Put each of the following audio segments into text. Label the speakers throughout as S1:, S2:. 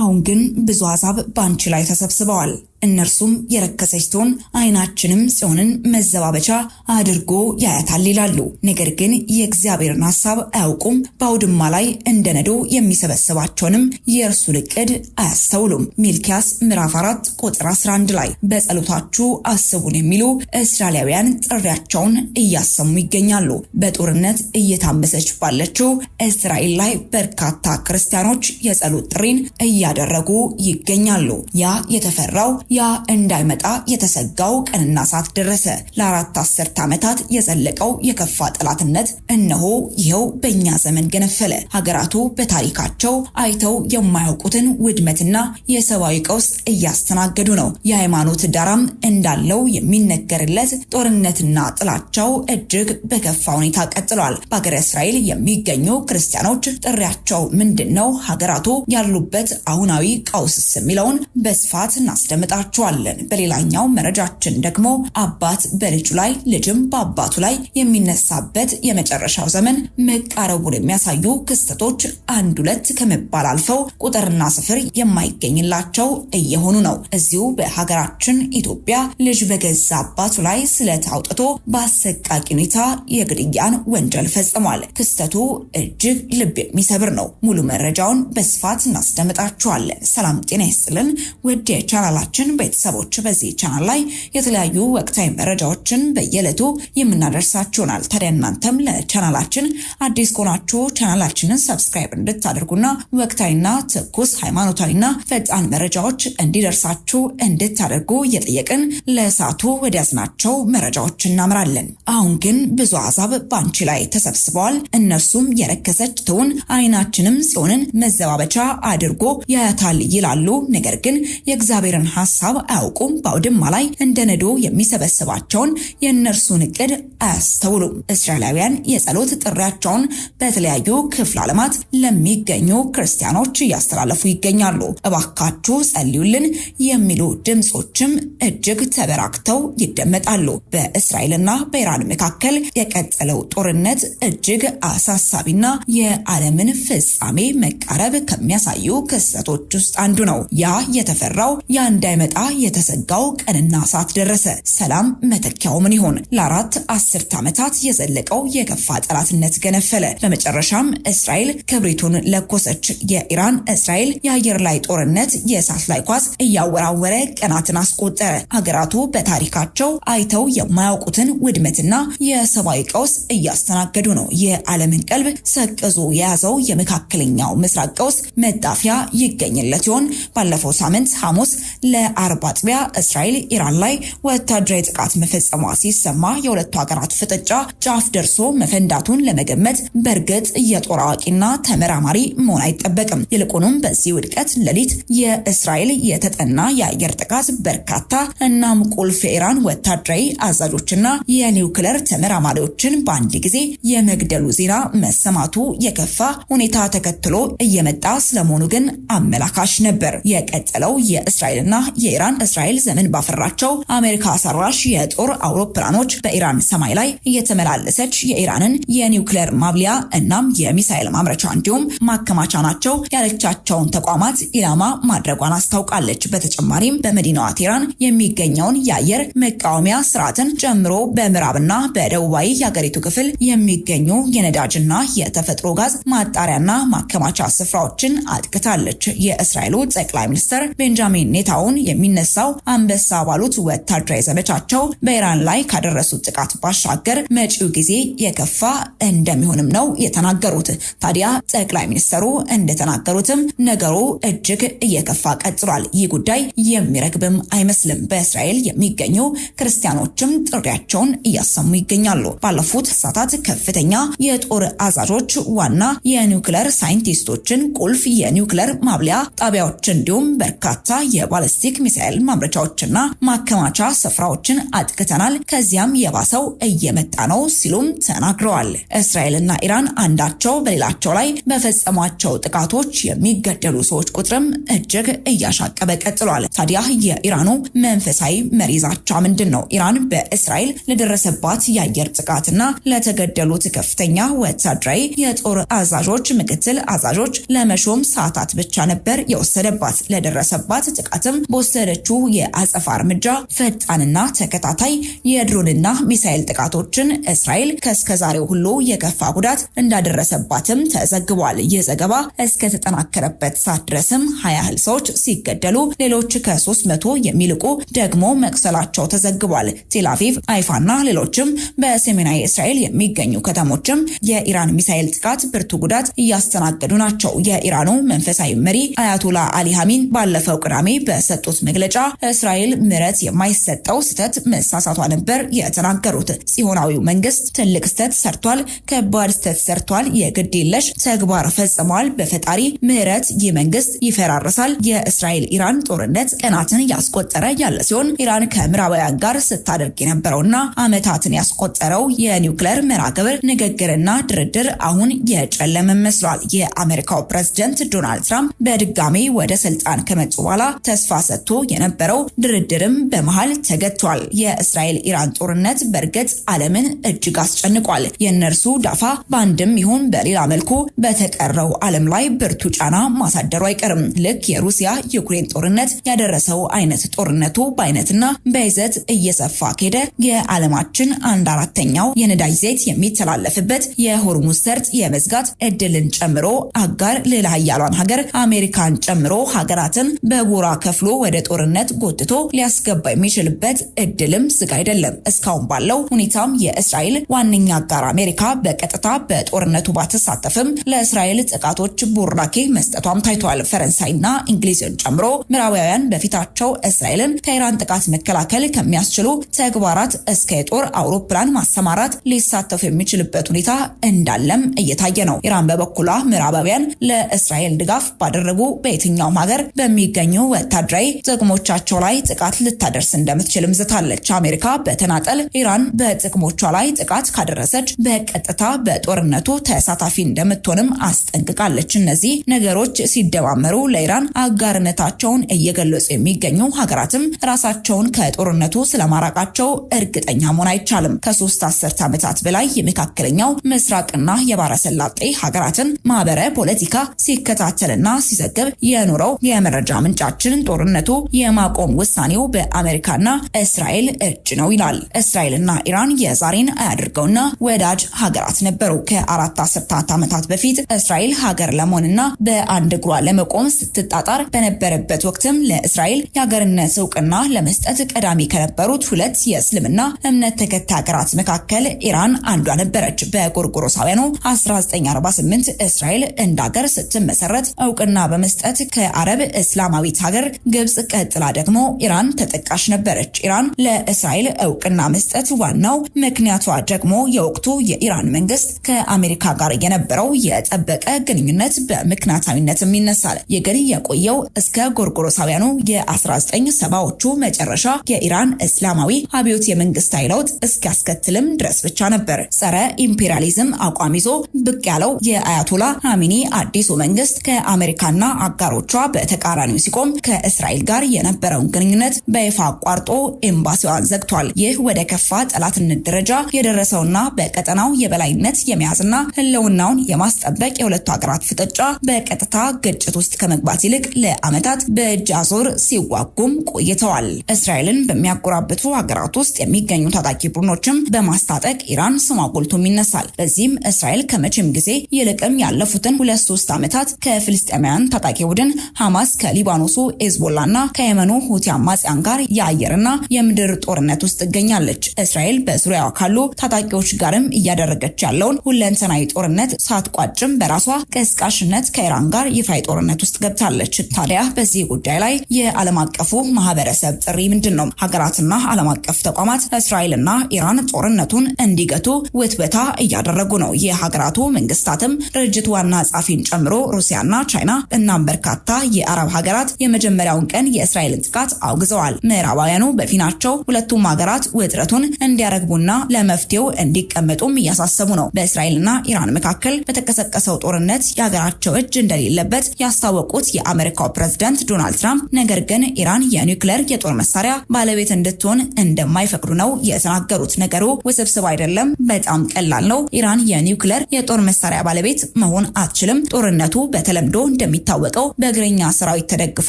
S1: አሁን ግን ብዙ ሀሳብ በአንቺ ላይ ተሰብስበዋል። እነርሱም የረከሰች ትሆን አይናችንም ጽዮንን መዘባበቻ አድርጎ ያያታል ይላሉ። ነገር ግን የእግዚአብሔርን ሐሳብ አያውቁም። በአውድማ ላይ እንደ ነዶ የሚሰበስባቸውንም የእርሱን እቅድ አያስተውሉም። ሚልኪያስ ምዕራፍ 4 ቁጥር 11 ላይ በጸሎታችሁ አስቡን የሚሉ እስራኤላውያን ጥሪያቸውን እያሰሙ ይገኛሉ። በጦርነት እየታመሰች ባለችው እስራኤል ላይ በርካታ ክርስቲያኖች የጸሎት ጥሪን እያደረጉ ይገኛሉ። ያ የተፈራው ያ እንዳይመጣ የተሰጋው ቀንና ሰዓት ደረሰ። ለአራት አስርት ዓመታት የዘለቀው የከፋ ጠላትነት እነሆ ይኸው በእኛ ዘመን ገነፈለ። ሀገራቱ በታሪካቸው አይተው የማያውቁትን ውድመትና የሰብአዊ ቀውስ እያስተናገዱ ነው። የሃይማኖት ዳራም እንዳለው የሚነገርለት ጦርነትና ጥላቻው እጅግ በከፋ ሁኔታ ቀጥሏል። በሀገረ እስራኤል የሚገኙ ክርስቲያኖች ጥሪያቸው ምንድን ነው? ሀገራቱ ያሉበት አሁናዊ ቀውስስ የሚለውን በስፋት እናስደምጣል። እንሰጣችኋለን። በሌላኛው መረጃችን ደግሞ አባት በልጁ ላይ ልጅም በአባቱ ላይ የሚነሳበት የመጨረሻው ዘመን መቃረቡን የሚያሳዩ ክስተቶች አንድ ሁለት ከመባል አልፈው ቁጥርና ስፍር የማይገኝላቸው እየሆኑ ነው። እዚሁ በሀገራችን ኢትዮጵያ ልጅ በገዛ አባቱ ላይ ስለት አውጥቶ በአሰቃቂ ሁኔታ የግድያን ወንጀል ፈጽሟል። ክስተቱ እጅግ ልብ የሚሰብር ነው። ሙሉ መረጃውን በስፋት እናስደምጣችኋለን። ሰላም ጤና ይስጥልን ውድ የቻናላችን ቤተሰቦች በዚህ ቻናል ላይ የተለያዩ ወቅታዊ መረጃዎችን በየዕለቱ የምናደርሳችሁናል። ይሆናል። ታዲያ እናንተም ለቻናላችን አዲስ ከሆናችሁ ቻናላችንን ሰብስክራይብ እንድታደርጉና ወቅታዊና ትኩስ ሃይማኖታዊና ፈጣን መረጃዎች እንዲደርሳችሁ እንድታደርጉ እየጠየቅን ለእሳቱ ወዲያዝናቸው መረጃዎች እናምራለን። አሁን ግን ብዙ አሕዛብ በአንቺ ላይ ተሰብስበዋል። እነሱም የረከሰች ትውን አይናችንም ጽዮንን መዘባበቻ አድርጎ ያያታል ይላሉ። ነገር ግን የእግዚአብሔርን ሀሳብ ሀሳብ አያውቁም። በአውድማ ላይ እንደ ነዶ የሚሰበስባቸውን የእነርሱን እቅድ አያስተውሉም። እስራኤላውያን የጸሎት ጥሪያቸውን በተለያዩ ክፍለ ዓለማት ለሚገኙ ክርስቲያኖች እያስተላለፉ ይገኛሉ። እባካችሁ ጸልዩልን የሚሉ ድምፆችም እጅግ ተበራክተው ይደመጣሉ። በእስራኤልና በኢራን መካከል የቀጠለው ጦርነት እጅግ አሳሳቢና የዓለምን ፍጻሜ መቃረብ ከሚያሳዩ ክስተቶች ውስጥ አንዱ ነው። ያ የተፈራው ያ እንዳይመ ሊመጣ የተሰጋው ቀንና ሰዓት ደረሰ። ሰላም መተኪያው ምን ይሆን? ለአራት አስርት ዓመታት የዘለቀው የከፋ ጠላትነት ገነፈለ። በመጨረሻም እስራኤል ክብሪቱን ለኮሰች። የኢራን እስራኤል የአየር ላይ ጦርነት የእሳት ላይ ኳስ እያወራወረ ቀናትን አስቆጠረ። ሀገራቱ በታሪካቸው አይተው የማያውቁትን ውድመትና የሰብአዊ ቀውስ እያስተናገዱ ነው። የዓለምን ቀልብ ሰቅዞ የያዘው የመካከለኛው ምስራቅ ቀውስ መጣፊያ ይገኝለት ይሆን? ባለፈው ሳምንት ሐሙስ ለአርብ አጥቢያ እስራኤል ኢራን ላይ ወታደራዊ ጥቃት መፈጸሟ ሲሰማ የሁለቱ ሀገራት ፍጥጫ ጫፍ ደርሶ መፈንዳቱን ለመገመት በእርግጥ የጦር አዋቂና ተመራማሪ መሆን አይጠበቅም። ይልቁንም በዚህ ውድቀት ሌሊት የእስራኤል የተጠና የአየር ጥቃት በርካታ እናም ቁልፍ የኢራን ወታደራዊ አዛዦችና የኒውክለር ተመራማሪዎችን በአንድ ጊዜ የመግደሉ ዜና መሰማቱ የከፋ ሁኔታ ተከትሎ እየመጣ ስለመሆኑ ግን አመላካሽ ነበር። የቀጠለው የእስራኤል የእስራኤልና የኢራን እስራኤል ዘመን ባፈራቸው አሜሪካ ሰራሽ የጦር አውሮፕላኖች በኢራን ሰማይ ላይ እየተመላለሰች የኢራንን የኒውክሌር ማብሊያ እናም የሚሳኤል ማምረቻ እንዲሁም ማከማቻ ናቸው ያለቻቸውን ተቋማት ኢላማ ማድረጓን አስታውቃለች። በተጨማሪም በመዲናዋ ቴራን የሚገኘውን የአየር መቃወሚያ ስርዓትን ጨምሮ በምዕራብና በደቡባዊ የአገሪቱ ክፍል የሚገኙ የነዳጅና የተፈጥሮ ጋዝ ማጣሪያና ማከማቻ ስፍራዎችን አጥቅታለች። የእስራኤሉ ጠቅላይ ሚኒስትር ቤንጃሚን ኔታ እስካሁን የሚነሳው አንበሳ ባሉት ወታደራዊ ዘመቻቸው በኢራን ላይ ካደረሱት ጥቃት ባሻገር መጪው ጊዜ የከፋ እንደሚሆንም ነው የተናገሩት። ታዲያ ጠቅላይ ሚኒስትሩ እንደተናገሩትም ነገሩ እጅግ እየከፋ ቀጥሏል። ይህ ጉዳይ የሚረግብም አይመስልም። በእስራኤል የሚገኙ ክርስቲያኖችም ጥሪያቸውን እያሰሙ ይገኛሉ። ባለፉት ሰዓታት ከፍተኛ የጦር አዛዦች፣ ዋና የኒውክለር ሳይንቲስቶችን፣ ቁልፍ የኒውክለር ማብለያ ጣቢያዎች እንዲሁም በርካታ የባለ ሎጂስቲክ ሚሳኤል ማምረቻዎችና ማከማቻ ስፍራዎችን አጥቅተናል። ከዚያም የባሰው እየመጣ ነው ሲሉም ተናግረዋል። እስራኤልና ኢራን አንዳቸው በሌላቸው ላይ በፈጸሟቸው ጥቃቶች የሚገደሉ ሰዎች ቁጥርም እጅግ እያሻቀበ ቀጥሏል። ታዲያ የኢራኑ መንፈሳዊ መሪ ዛቻ ምንድን ነው? ኢራን በእስራኤል ለደረሰባት የአየር ጥቃትና ለተገደሉት ከፍተኛ ወታደራዊ የጦር አዛዦች፣ ምክትል አዛዦች ለመሾም ሰዓታት ብቻ ነበር የወሰደባት። ለደረሰባት ጥቃትም በወሰደችው የአጸፋ እርምጃ ፈጣንና ተከታታይ የድሮንና ሚሳኤል ጥቃቶችን እስራኤል ከእስከዛሬው ሁሉ የከፋ ጉዳት እንዳደረሰባትም ተዘግቧል። ይህ ዘገባ እስከተጠናከረበት ሰዓት ድረስም ሀያ ያህል ሰዎች ሲገደሉ ሌሎች ከሶስት መቶ የሚልቁ ደግሞ መቁሰላቸው ተዘግቧል። ቴልአቪቭ፣ አይፋና ሌሎችም በሰሜናዊ እስራኤል የሚገኙ ከተሞችም የኢራን ሚሳኤል ጥቃት ብርቱ ጉዳት እያስተናገዱ ናቸው። የኢራኑ መንፈሳዊ መሪ አያቶላ አሊ ሀሚን ባለፈው ቅዳሜ በ በሰጡት መግለጫ እስራኤል ምረት የማይሰጠው ስህተት መሳሳቷ ነበር የተናገሩት። ጽዮናዊው መንግስት ትልቅ ስህተት ሰርቷል፣ ከባድ ስህተት ሰርቷል፣ የግድ የለሽ ተግባር ፈጽሟል። በፈጣሪ ምህረት ይህ መንግስት ይፈራረሳል። የእስራኤል ኢራን ጦርነት ቀናትን ያስቆጠረ ያለ ሲሆን ኢራን ከምዕራባውያን ጋር ስታደርግ የነበረውና ዓመታትን ያስቆጠረው የኒውክሌር መርሃ ግብር ንግግርና ድርድር አሁን የጨለመ መስሏል። የአሜሪካው ፕሬዚደንት ዶናልድ ትራምፕ በድጋሜ ወደ ስልጣን ከመጡ በኋላ ተስፋ ሰጥቶ የነበረው ድርድርም በመሃል ተገቷል። የእስራኤል ኢራን ጦርነት በእርግጥ ዓለምን እጅግ አስጨንቋል። የእነርሱ ዳፋ በአንድም ይሁን በሌላ መልኩ በተቀረው ዓለም ላይ ብርቱ ጫና ማሳደሩ አይቀርም። ልክ የሩሲያ ዩክሬን ጦርነት ያደረሰው አይነት ጦርነቱ በአይነትና በይዘት እየሰፋ ከሄደ የዓለማችን አንድ አራተኛው የነዳጅ ዘይት የሚተላለፍበት የሆርሙዝ ሰርጥ የመዝጋት እድልን ጨምሮ አጋር ሌላ ሀያሏን ሀገር አሜሪካን ጨምሮ ሀገራትን በጎራ ከፍ ከፋፍሎ ወደ ጦርነት ጎትቶ ሊያስገባ የሚችልበት እድልም ዝግ አይደለም። እስካሁን ባለው ሁኔታም የእስራኤል ዋነኛ አጋር አሜሪካ በቀጥታ በጦርነቱ ባትሳተፍም ለእስራኤል ጥቃቶች ቡራኬ መስጠቷም ታይቷል። ፈረንሳይና እንግሊዝን ጨምሮ ምዕራባውያን በፊታቸው እስራኤልን ከኢራን ጥቃት መከላከል ከሚያስችሉ ተግባራት እስከ የጦር አውሮፕላን ማሰማራት ሊሳተፉ የሚችልበት ሁኔታ እንዳለም እየታየ ነው። ኢራን በበኩሏ ምዕራባውያን ለእስራኤል ድጋፍ ባደረጉ በየትኛውም ሀገር በሚገኙ ወታደ ወታደራዊ ጥቅሞቻቸው ላይ ጥቃት ልታደርስ እንደምትችልም ዝታለች። አሜሪካ በተናጠል ኢራን በጥቅሞቿ ላይ ጥቃት ካደረሰች በቀጥታ በጦርነቱ ተሳታፊ እንደምትሆንም አስጠንቅቃለች። እነዚህ ነገሮች ሲደማመሩ ለኢራን አጋርነታቸውን እየገለጹ የሚገኙ ሀገራትም ራሳቸውን ከጦርነቱ ስለማራቃቸው እርግጠኛ መሆን አይቻልም። ከሶስት አስርት ዓመታት በላይ የመካከለኛው ምስራቅና የባረሰላጤ ሀገራትን ማህበረ ፖለቲካ ሲከታተልና ሲዘግብ የኑረው የመረጃ ምንጫችን ጦርነቱ የማቆም ውሳኔው በአሜሪካና እስራኤል እጅ ነው ይላል። እስራኤልና ኢራን የዛሬን አያድርገውና ወዳጅ ሀገራት ነበሩ። ከአራት አስርታት ዓመታት በፊት እስራኤል ሀገር ለመሆንና በአንድ እግሯ ለመቆም ስትጣጣር በነበረበት ወቅትም ለእስራኤል የሀገርነት እውቅና ለመስጠት ቀዳሚ ከነበሩት ሁለት የእስልምና እምነት ተከታይ ሀገራት መካከል ኢራን አንዷ ነበረች። በጎርጎሮሳውያኑ 1948 እስራኤል እንደ ሀገር ስትመሰረት እውቅና በመስጠት ከአረብ እስላማዊት ሀገር ግብጽ ቀጥላ ደግሞ ኢራን ተጠቃሽ ነበረች። ኢራን ለእስራኤል እውቅና መስጠት ዋናው ምክንያቷ ደግሞ የወቅቱ የኢራን መንግስት ከአሜሪካ ጋር የነበረው የጠበቀ ግንኙነት በምክንያታዊነትም ይነሳል። የገሪ የቆየው እስከ ጎርጎሮሳውያኑ የ 1970 ሰባዎቹ መጨረሻ የኢራን እስላማዊ አብዮት የመንግስት ኃይለውጥ እስኪያስከትልም ድረስ ብቻ ነበር። ጸረ ኢምፔሪያሊዝም አቋም ይዞ ብቅ ያለው የአያቶላ ሀሚኒ አዲሱ መንግስት ከአሜሪካና አጋሮቿ በተቃራኒው ሲቆም ከእስ ከእስራኤል ጋር የነበረውን ግንኙነት በይፋ አቋርጦ ኤምባሲዋን ዘግቷል። ይህ ወደ ከፋ ጠላትነት ደረጃ የደረሰውና በቀጠናው የበላይነት የመያዝና ህልውናውን የማስጠበቅ የሁለቱ ሀገራት ፍጥጫ በቀጥታ ግጭት ውስጥ ከመግባት ይልቅ ለዓመታት በእጅ አዙር ሲዋጉም ቆይተዋል። እስራኤልን በሚያጎራብቱ ሀገራት ውስጥ የሚገኙ ታጣቂ ቡድኖችም በማስታጠቅ ኢራን ስሟ ጎልቶም ይነሳል። በዚህም እስራኤል ከመቼም ጊዜ ይልቅም ያለፉትን ሁለት ሶስት ዓመታት ከፍልስጤማውያን ታጣቂ ቡድን ሐማስ ከሊባኖሱ ሄዝቦ ከሂዝቦላና ከየመኑ ሁቲ አማጽያን ጋር የአየርና የምድር ጦርነት ውስጥ ትገኛለች። እስራኤል በዙሪያዋ ካሉ ታጣቂዎች ጋርም እያደረገች ያለውን ሁለንተናዊ ጦርነት ሳትቋጭም በራሷ ቀስቃሽነት ከኢራን ጋር ይፋዊ ጦርነት ውስጥ ገብታለች። ታዲያ በዚህ ጉዳይ ላይ የዓለም አቀፉ ማህበረሰብ ጥሪ ምንድን ነው? ሀገራትና ዓለም አቀፍ ተቋማት እስራኤልና ኢራን ጦርነቱን እንዲገቱ ውትበታ እያደረጉ ነው። የሀገራቱ መንግስታትም ድርጅት ዋና ጸሐፊን ጨምሮ ሩሲያና ቻይና እናም በርካታ የአረብ ሀገራት የመጀመሪያው የዛሬውን ቀን የእስራኤልን ጥቃት አውግዘዋል። ምዕራባውያኑ በፊናቸው ሁለቱም ሀገራት ውጥረቱን እንዲያረግቡና ለመፍትሄው እንዲቀመጡም እያሳሰቡ ነው። በእስራኤልና ኢራን መካከል በተቀሰቀሰው ጦርነት የሀገራቸው እጅ እንደሌለበት ያስታወቁት የአሜሪካው ፕሬዝዳንት ዶናልድ ትራምፕ ነገር ግን ኢራን የኒውክሌር የጦር መሳሪያ ባለቤት እንድትሆን እንደማይፈቅዱ ነው የተናገሩት። ነገሩ ውስብስብ አይደለም፣ በጣም ቀላል ነው። ኢራን የኒውክሌር የጦር መሳሪያ ባለቤት መሆን አትችልም። ጦርነቱ በተለምዶ እንደሚታወቀው በእግረኛ ሰራዊት ተደግፎ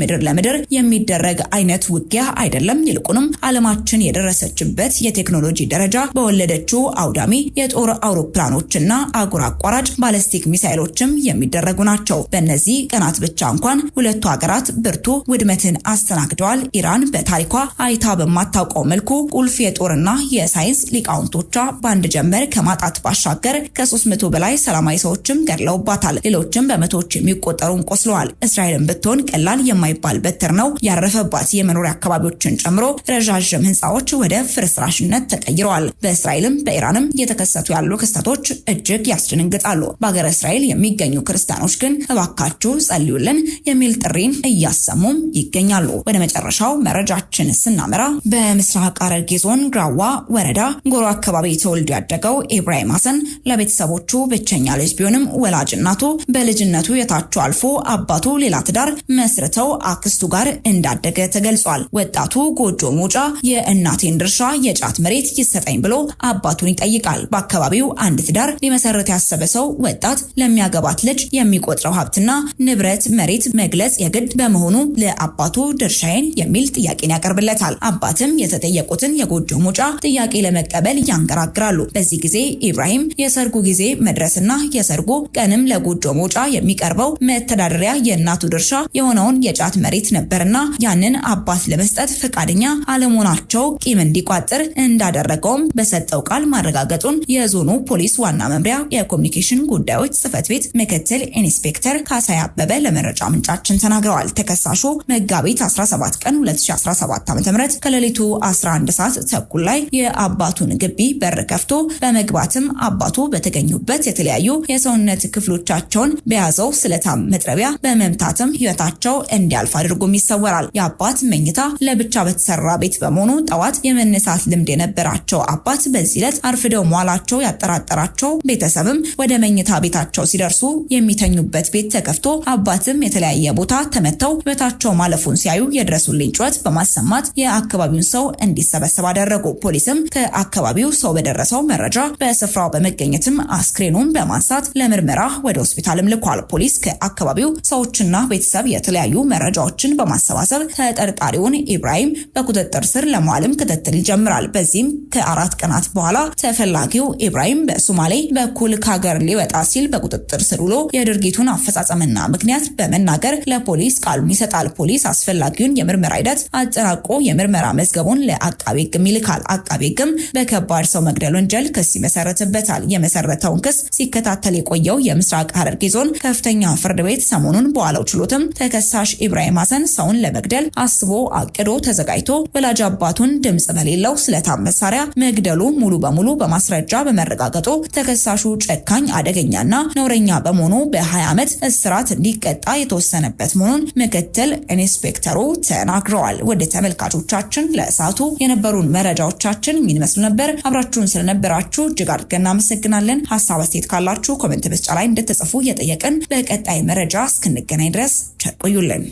S1: ምድር ለ በምድር የሚደረግ አይነት ውጊያ አይደለም። ይልቁንም ዓለማችን የደረሰችበት የቴክኖሎጂ ደረጃ በወለደችው አውዳሚ የጦር አውሮፕላኖችና አጉር አቋራጭ ባለስቲክ ሚሳይሎችም የሚደረጉ ናቸው። በእነዚህ ቀናት ብቻ እንኳን ሁለቱ ሀገራት ብርቱ ውድመትን አስተናግደዋል። ኢራን በታሪኳ አይታ በማታውቀው መልኩ ቁልፍ የጦርና የሳይንስ ሊቃውንቶቿ በአንድ ጀመር ከማጣት ባሻገር ከ300 በላይ ሰላማዊ ሰዎችም ገድለውባታል። ሌሎችም በመቶዎች የሚቆጠሩን ቆስለዋል። እስራኤልን ብትሆን ቀላል የማይባል በትር ነው ያረፈባት። የመኖሪያ አካባቢዎችን ጨምሮ ረዣዥም ህንፃዎች ወደ ፍርስራሽነት ተቀይረዋል። በእስራኤልም በኢራንም እየተከሰቱ ያሉ ክስተቶች እጅግ ያስደነግጣሉ። በሀገረ እስራኤል የሚገኙ ክርስቲያኖች ግን እባካችሁ ጸልዩልን የሚል ጥሪን እያሰሙም ይገኛሉ። ወደ መጨረሻው መረጃችን ስናመራ በምስራቅ ሐረርጌ ዞን ግራዋ ወረዳ ጎሮ አካባቢ ተወልዶ ያደገው ኢብራሂም ሀሰን ለቤተሰቦቹ ብቸኛ ልጅ ቢሆንም ወላጅ እናቱ በልጅነቱ የታቸው አልፎ አባቱ ሌላ ትዳር መስርተው ከአክስቱ ጋር እንዳደገ ተገልጿል። ወጣቱ ጎጆ መውጫ የእናቴን ድርሻ የጫት መሬት ይሰጠኝ ብሎ አባቱን ይጠይቃል። በአካባቢው አንድ ትዳር ሊመሰረት ያሰበ ሰው ወጣት ለሚያገባት ልጅ የሚቆጥረው ሀብትና ንብረት መሬት መግለጽ የግድ በመሆኑ ለአባቱ ድርሻዬን የሚል ጥያቄን ያቀርብለታል። አባትም የተጠየቁትን የጎጆ መውጫ ጥያቄ ለመቀበል ያንገራግራሉ። በዚህ ጊዜ ኢብራሂም የሰርጉ ጊዜ መድረስና የሰርጉ ቀንም ለጎጆ መውጫ የሚቀርበው መተዳደሪያ የእናቱ ድርሻ የሆነውን የጫት መሬት መሬት ነበርና ያንን አባት ለመስጠት ፈቃደኛ አለመሆናቸው ቂም እንዲቋጥር እንዳደረገውም በሰጠው ቃል ማረጋገጡን የዞኑ ፖሊስ ዋና መምሪያ የኮሚኒኬሽን ጉዳዮች ጽህፈት ቤት ምክትል ኢንስፔክተር ካሳይ አበበ ለመረጃ ምንጫችን ተናግረዋል። ተከሳሹ መጋቢት 17 ቀን 2017 ም ከሌሊቱ 11 ሰዓት ተኩል ላይ የአባቱን ግቢ በር ከፍቶ በመግባትም አባቱ በተገኙበት የተለያዩ የሰውነት ክፍሎቻቸውን በያዘው ስለታም መጥረቢያ በመምታትም ህይወታቸው እንዲያልፋል አድርጎም ይሰወራል። የአባት መኝታ ለብቻ በተሰራ ቤት በመሆኑ ጠዋት የመነሳት ልምድ የነበራቸው አባት በዚህ ዕለት አርፍደው መዋላቸው ያጠራጠራቸው ቤተሰብም ወደ መኝታ ቤታቸው ሲደርሱ የሚተኙበት ቤት ተከፍቶ አባትም የተለያየ ቦታ ተመተው ህይወታቸው ማለፉን ሲያዩ የድረሱልኝ ጩኸት በማሰማት የአካባቢውን ሰው እንዲሰበሰብ አደረጉ። ፖሊስም ከአካባቢው ሰው በደረሰው መረጃ በስፍራው በመገኘትም አስክሬኑን በማንሳት ለምርመራ ወደ ሆስፒታልም ልኳል። ፖሊስ ከአካባቢው ሰዎችና ቤተሰብ የተለያዩ መረጃዎች መረጃዎችን በማሰባሰብ ተጠርጣሪውን ኢብራሂም በቁጥጥር ስር ለመዋልም ክትትል ይጀምራል። በዚህም ከአራት ቀናት በኋላ ተፈላጊው ኢብራሂም በሶማሌ በኩል ከሀገር ሊወጣ ሲል በቁጥጥር ስር ውሎ የድርጊቱን አፈጻጸምና ምክንያት በመናገር ለፖሊስ ቃሉን ይሰጣል። ፖሊስ አስፈላጊውን የምርመራ ሂደት አጠናቆ የምርመራ መዝገቡን ለአቃቤ ሕግም ይልካል። አቃቤ ሕግም በከባድ ሰው መግደል ወንጀል ክስ ይመሰረትበታል። የመሰረተውን ክስ ሲከታተል የቆየው የምስራቅ ሐረርጌ ዞን ከፍተኛ ፍርድ ቤት ሰሞኑን በዋለው ችሎትም ተከሳሽ ኢብራሂም ሐሰን ሰውን ለመግደል አስቦ አቅዶ ተዘጋጅቶ ወላጅ አባቱን ድምጽ በሌለው ስለታም መሳሪያ መግደሉ ሙሉ በሙሉ በማስረጃ በመረጋገጡ ተከሳሹ ጨካኝ፣ አደገኛና ነውረኛ በመሆኑ በ20 ዓመት እስራት እንዲቀጣ የተወሰነበት መሆኑን ምክትል ኢንስፔክተሩ ተናግረዋል። ወደ ተመልካቾቻችን ለእሳቱ የነበሩን መረጃዎቻችን የሚመስሉ መስሉ ነበር። አብራችሁን ስለነበራችሁ እጅግ አድርገን እናመሰግናለን። ሀሳብ አስተያየት ካላችሁ ኮሜንት መስጫ ላይ እንደተጽፉ እየጠየቅን በቀጣይ መረጃ እስክንገናኝ ድረስ ቸር ቆዩልን።